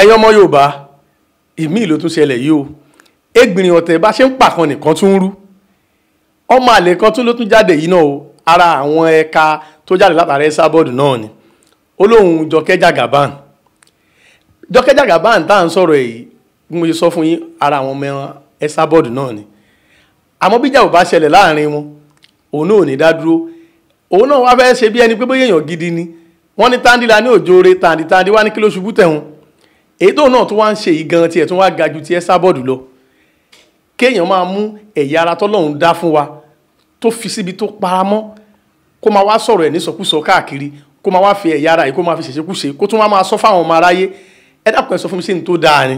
ẹ̀yin ọmọ yorùbá ìmí ìlú tún ṣẹlẹ̀ yìí o ẹ̀gbìnrìn ọ̀tẹ̀ bá ṣe ń pàkan nìkan tún ń rú ọmọ àlè kan tún ló tún jáde yìí náà o ara àwọn ẹ̀ka tó jáde látara ẹ̀ sábọ́ọ̀dù náà ni olóhùn jọkẹ́ jagaban jọkẹ́ jagaban tá à ń sọ̀rọ̀ èyí mo ṣe sọ fún yín ara àwọn ọmọ ẹ̀ sábọ́ọ̀dù náà ni àmọ́ bíjà ò bá ṣẹlẹ̀ láàrin wọn òun náà ò ní dá dúró òun náà wá fẹ́ ṣe bí ẹni pé bóyá èèyàn gidi ni wọ́n ní tàǹdí la ní òjòore tàǹdí tàǹdí wá ní kí ló ṣubú tẹ̀hún èyí tó náà tó wá ń ṣe yìí gan tiẹ̀ tó wá ga ju tiẹ̀ sábọ̀dù lọ kéèyàn máa mú ẹ̀yà ara tọ́lọ́run dá fún wa tó fi síbi tó paramọ́ kó máa wá sọ̀rọ̀ ẹ̀ nísọkúsọ káàkiri kó máa wá fi ẹ̀yà ara yìí kó máa fi ṣèṣekúṣe kó tún wá máa sọ fáwọn ọmọ aráyé ẹ dàpọ̀ ẹ sọ fún mi ṣé ní tó dáa ni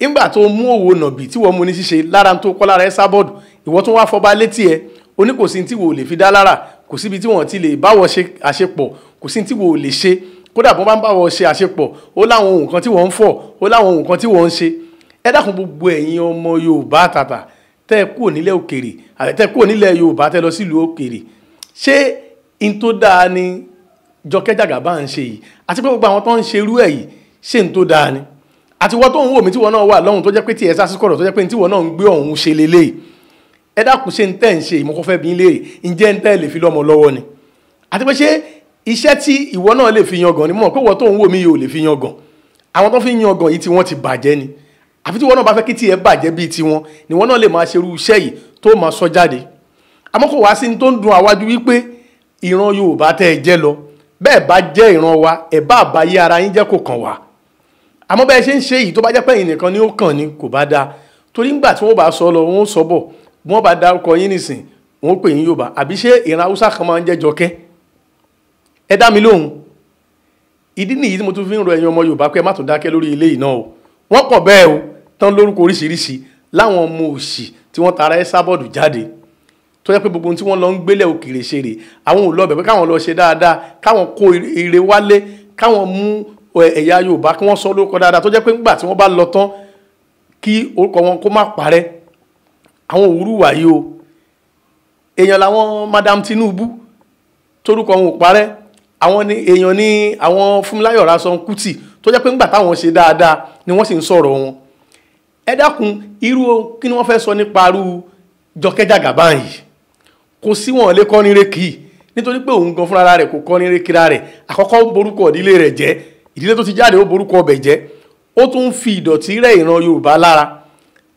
nígbà tó mú òwò nàbì tí wọ́n mú ní ṣíṣe lára tó kọ́ lára ẹ sábọ̀dù ìwọ tún wá fọba létí ẹ oníkòsí tí wò lè fi dá lára kò síbi tí wọ́n ti lè báwọ̀ ṣe àṣepọ̀ kò sí tí wò lè ṣe kódà bó bá ń bá wọn ṣe àṣepọ̀ ó láwọn ohun kan tí wọ́n ń fọ̀ ó láwọn ohun kan tí wọ́n ń ṣe ẹ dákun gbogbo ẹ̀yin ọmọ Yorùbá àtàtà tẹ́ ẹ kúrò nílẹ̀ òkèrè àti tẹ́ ẹ kúrò nílẹ̀ Yorùbá tẹ́ lọ sílùú òkèrè ṣé n tó dáa ni Jọkẹ́ Jàgàbá ń ṣe yìí àti pé gbogbo àwọn tó ń ṣerú ẹ̀ yìí ṣé n tó dáa ni àti wọ́n tó ń wò mí tí wọ́n náà wà lọ́hùn tó jẹ́ pé tiẹ̀ sásìkọ̀rọ̀ tó jẹ́ pé tí wọ́n náà ń gbé ọ̀hún ṣe lélẹ́yìí ẹ dákun ṣe ń tẹ́ ń ṣe ìmọ̀kọ́fẹ́ bí léèrè ǹjẹ́ ń tẹ́ lè fi lọ́mọ lọ́wọ́ ni àti pé ṣé iṣẹ́ tí ìwọ náà lè fi yangàn ni mọ̀ pé wọ́n tó ń wò mí yóò lè fi yangàn àwọn tó fi ń yangàn yìí tí wọ́n ti bàjẹ́ ni àfi tí wọ́n náà bá fẹ́ kí tiẹ̀ bàjẹ́ bíi tiwọn ni wọ́n náà lè máa ṣerú iṣẹ́ yìí tó máa sọ jáde àmọ́ kò wá sí ní tó ń dun àwájú wípé ìran Yorùbá tẹ́ ẹ jẹ́ lọ bẹ́ẹ̀ bá jẹ́ ìran wa ẹ̀ bá àbáyé ara yín jẹ́ kò kàn wá àmọ́ bẹ́ẹ̀ ṣe ń ṣe yìí tó bá jẹ́ pẹ́yìn nìkan ni ó kàn ní kò bá dáa torí ńgbà tí wọ́n bá sọ lọ wọ́n sọ bọ̀ wọ́n bá dárúkọ yín nìsín wọ́n pè yín Yorùbá àbí ṣé ìran Haúsá kan máa ń jẹ́ Jọkẹ́ ẹ dá mi lóhùn ìdí nìyí tí mo tún fi ń rọ ẹ̀yin ọmọ Yorùbá pé ẹ má tún dákẹ́ lórí eléyìí náà o wọ́n pọ̀ bẹ́ẹ̀ o tán lórúkọ oríṣiríṣi láwọn ọmọ òṣì tí wọ́n tara ẹ sábọ̀dù jáde tó yẹ pé gbogbo ohun tí wọ́n lọ ń gbélé òkèèrè ṣeré àwọn ò lọ bẹ̀ pé káwọn lọ ṣe dáadáa káwọn kó ire wálé káwọn mú ẹ̀yà Yorùbá kí wọ́n sọ lórúkọ dáadáa tó jẹ́ pé ńgbà tí wọ́n bá lọ tán kí orúkọ wọn kó má parẹ́ àwọn òwúrú wàyí o èèyàn làwọn Madam Tinubu torúkọ wọn ò parẹ́ àwọn ni èèyàn ni àwọn Fúnmiláyọ̀ Ransome Kuti tó jẹ́ pé ńgbà táwọn ṣe dáadáa ni wọ́n sì ń sọ̀rọ̀ wọn ẹ dákun irú kí ni wọ́n fẹ́ sọ nípa irú Jọkẹ́ Jàgàbán yìí kò sí wọn lè kọ́ ní rékì nítorí pé òun gan fúnra rẹ̀ kò kọ́ ní rékì rẹ̀ àkọ́kọ́ borúkọ ìdílé rẹ̀ jẹ́ ìdílé tó ti jáde ó borúkọ ọbẹ̀ jẹ́ ó tún ń fi ìdọ̀tí rẹ̀ ìran Yorùbá lára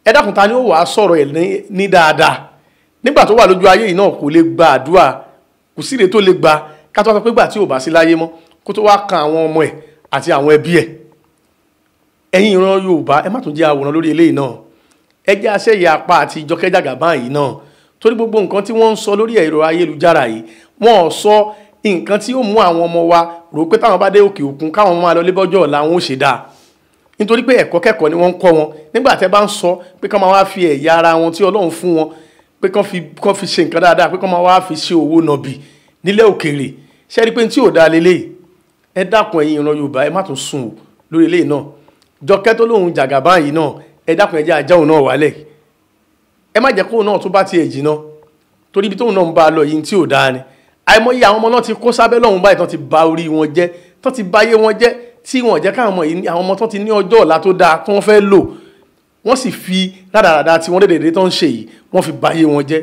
ẹ dákun ta ni ó wàá sọ̀rọ̀ ẹ̀ ní dáadáa nígbà tó wà lójú ayé yìí náà kò lè gba àdúrà kò sí ire lè gba ká tó wá sọ pé gbà tí ò bá sí láyé mọ́ kó tó wá kan àwọn ọmọ ẹ̀ àti àwọn ẹbí ẹ̀ ẹ̀yin ìran Yorùbá ẹ má tún jẹ́ àwòrán lórí eléyìí náà ẹ jẹ́ aṣẹ́yẹ apá àti ìjọkẹ́jàgà báyìí náà torí gbogbo nǹkan tí wọ́n ń sọ lórí ẹ̀rọ ayélujára yìí wọ́n ò sọ nǹkan tí ó mú àwọn ọmọ wa rò pé táwọn bá dé òkè òkun káwọn máa lọ lébọ́jọ́ ọ̀la wọn ò ṣe dáa nítorí pé ẹ̀kọ́ kẹ́kọ̀ọ́ ni wọ́n ń kọ́ wọn nígbà tẹ́ bá ń sọ pé kán máa wá fi ẹ̀yà ara wọn tí Ọlọ́run fún wọn pé kán fi ṣe nǹkan dáadáa pé kán máa wá fi ṣe owó nọ̀bì nílẹ̀ òkèèrè ṣe rí pé tí ò dáa lélẹ́yìí ẹ dákun ẹ̀yin ìran Yorùbá ẹ má tún sùn lórí eléyìí náà Jọkẹ́ tó lóun jàgàbá yìí náà ẹ dákun ẹ jẹ́ náà wálẹ̀ ẹ má jẹ́ kóun náà tó bá tiẹ̀ jìnnà torí ibi tóun náà ń bá a lọ yìí tí ò dáa ni àìmọye àwọn ọmọ náà ti kó sábẹ́ lọ́hùn báyìí tán ti ba orí wọn jẹ́ tán ti báyé wọn jẹ́ tí wọn jẹ́ káwọn ọmọ tán sì fi rádaràda tí wọ́n dédèdè tán ń ṣe yìí wọ́n fi báyé wọn jẹ́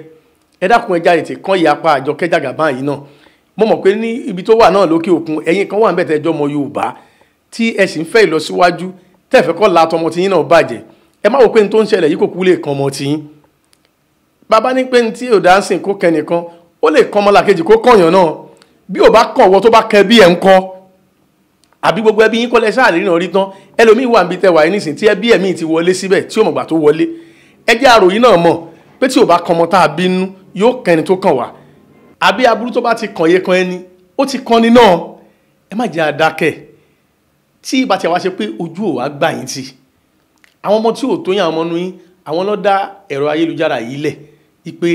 ẹ dákun ẹ jáde tì kán ìyapa àjọkẹ́jàgàbá yìí náà mo mọ̀ pé ní ibi tó wà náà lókè òkun ẹ̀yin kan wà ń bẹ̀tẹ̀ ẹjọ́ ọmọ Yorùbá tí ẹ sì ń fẹ́ ìlọsíwájú tẹ̀fẹ́ la tọmọ tiyín náà bàjẹ́ ẹ má wò pé ní tó ń ṣẹlẹ̀ yìí kò kú lè kan ọmọ tiyín bàbá ní pé ní tí ò dá ń sìn kó kẹnìkan ó lè kọ́ ọmọlàkejì kó kọ̀yàn náà bí ò bá kàn wọ́ tó bá kẹ bí ẹ̀ ń kọ́ àbí gbogbo ẹbí yín kọ́lẹ̀ sáàlì náà rí kọ́ àbí aburú tó bá ti kàn yé kan ẹni ó ti kan ni náà ẹ má jẹ́ àdákẹ́ tí ìbá tí a wá ṣe pé ojú ò wá gbà yín tì àwọn ọmọ tí ò tó yàn àwọn ọmọ nu yín àwọn ló dá ẹ̀rọ ayélujára yìí lẹ̀ ipe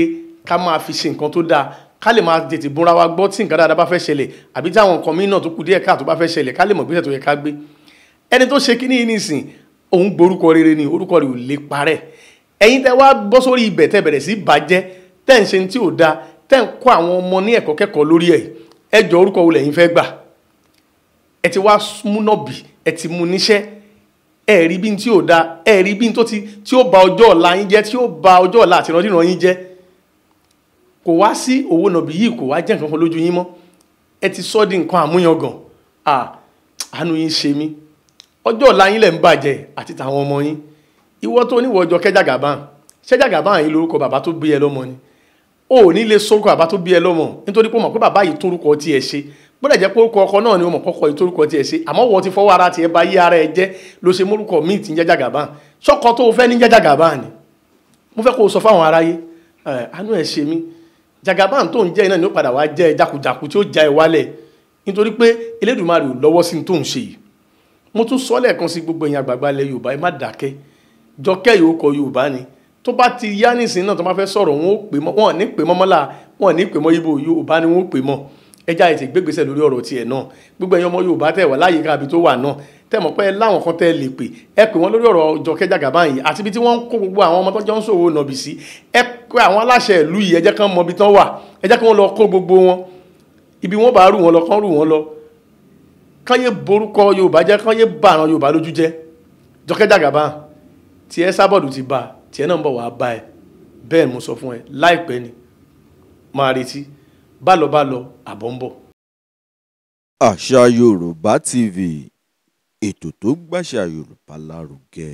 ká máa fi ṣe nǹkan tó dáa ká lè máa tètè búra wa gbọ́ tí nǹkan dáadáa bá fẹ́ ṣẹlẹ̀ àbí tí àwọn nǹkan míì náà tó kù díẹ̀ káàtó bá fẹ́ ṣẹlẹ̀ ká lè mọ̀ gbésẹ̀ tó yẹ ká gbé ẹni tó ṣe kíní yìí nìsín òun gborúkọ rere ni orúkọ rẹ̀ ò lè parẹ́ ẹ̀yin tẹ́ wá bọ́ sórí ibẹ̀ tẹ́ bẹ̀rẹ̀ sí bàjẹ́ tẹ́ ń ṣe ní tí ò dáa tẹ́ ń kọ́ àwọn ọmọ ní ẹ̀kọ́ kẹ́kọ̀ọ́ lórí ẹ̀ ẹ jọ orúkọ wo lẹ́yìn fẹ́ gbà ẹ ti wá múnàbì ẹ ti mú níṣẹ́ ẹ rí bí n tí ò da ẹ rí bí n tó ti tí ó ba ọjọ́ ọ̀la yín jẹ́ tí ó ba ọjọ́ ọ̀la àti ìrandíran yín jẹ́ kò wá sí owó nàbì yìí kò wá jẹ́ nǹkan kan lójú yín mọ́ ẹ ti sọ́ di nǹkan àmúyangàn àánú yín ṣe mí ọjọ́ ọ̀la yín lẹ̀ ń bàjẹ́ àti tàwọn ọmọ yín ìwọ tó níwọ̀ ọjọ́ kẹjàgàbá ṣẹjàgàbá yìí lórúkọ bàbá tó gbé ẹ lọ́mọ ni ò ní lè sọ́kọ̀ àbá tó bí ẹ lọ́mọ nítorí pé ó mọ̀ pé bàbá yìí torúkọ tiẹ̀ ṣe gbọ́dọ̀ jẹ́ pé orúkọ ọkọ náà ni ó mọ̀ kọ́kọ́ yìí torúkọ tiẹ̀ ṣe àmọ́ wọ́n ti fọwọ́ ara tiẹ̀ bá yí ara ẹ jẹ́ ló ṣe mórúkọ míì tí ń jẹ́jà gàbá sọ́kọ tó o fẹ́ ní jẹ́jà gàbá ni mo fẹ́ kó o sọ fáwọn aráyé ẹ anú ẹ ṣe mí jàgàbá tó ń jẹ́ iná ni ó padà wá jẹ́ jákujàku tí ó já ẹ wálẹ̀ nítorí pé Elédùmarè ò lọ́wọ́ sí tó ń ṣe tó bá ti yá nísìnyí náà tó máa fẹ́ sọ̀rọ̀ wọn ò pè mọ́ wọn ò ní pè mọ́ mọ́lá wọn ò ní pè mọ́ ibo Yorùbá ni wọn ò pè mọ́ ẹja ètè gbégbèsè lórí ọ̀rọ̀ tiẹ̀ náà gbogbo ẹ̀yin ọmọ Yorùbá tẹ̀ wá láyé kábi tó wà náà tẹ̀ mọ̀ pé ẹ láwọn kan tẹ́ lè pè ẹ pè wọ́n lórí ọ̀rọ̀ Jọkẹ́ Jàgàbán yìí àti ibi tí wọ́n ń kó gbogbo àwọn ọmọ tó jọ ń ṣòwò nọ̀bì sí ẹ pé àwọn aláṣẹ ìlú yìí ẹ jẹ́ kán mọ ibi tán wà ẹ jẹ́ kí wọ́n lọ kó gbogbo wọn ibi wọ́n bá rù wọn lọ kán rù wọn lọ kán yé borúkọ Yorùbá jẹ́ kán yé Yorùbá lójú jẹ́ Jọkẹ́ Jàgàbán tiẹ̀ sábọ̀dù ti bá a tiẹ̀ náà ń bọ̀ wàá bá ẹ bẹ́ẹ̀ mo sọ fún ẹ láìpẹ́ ni máa retí bá lọ bá lọ àbọ̀ ń bọ̀. àṣà yorùbá tv ètò tó gbàṣà yorùbá lárugẹ.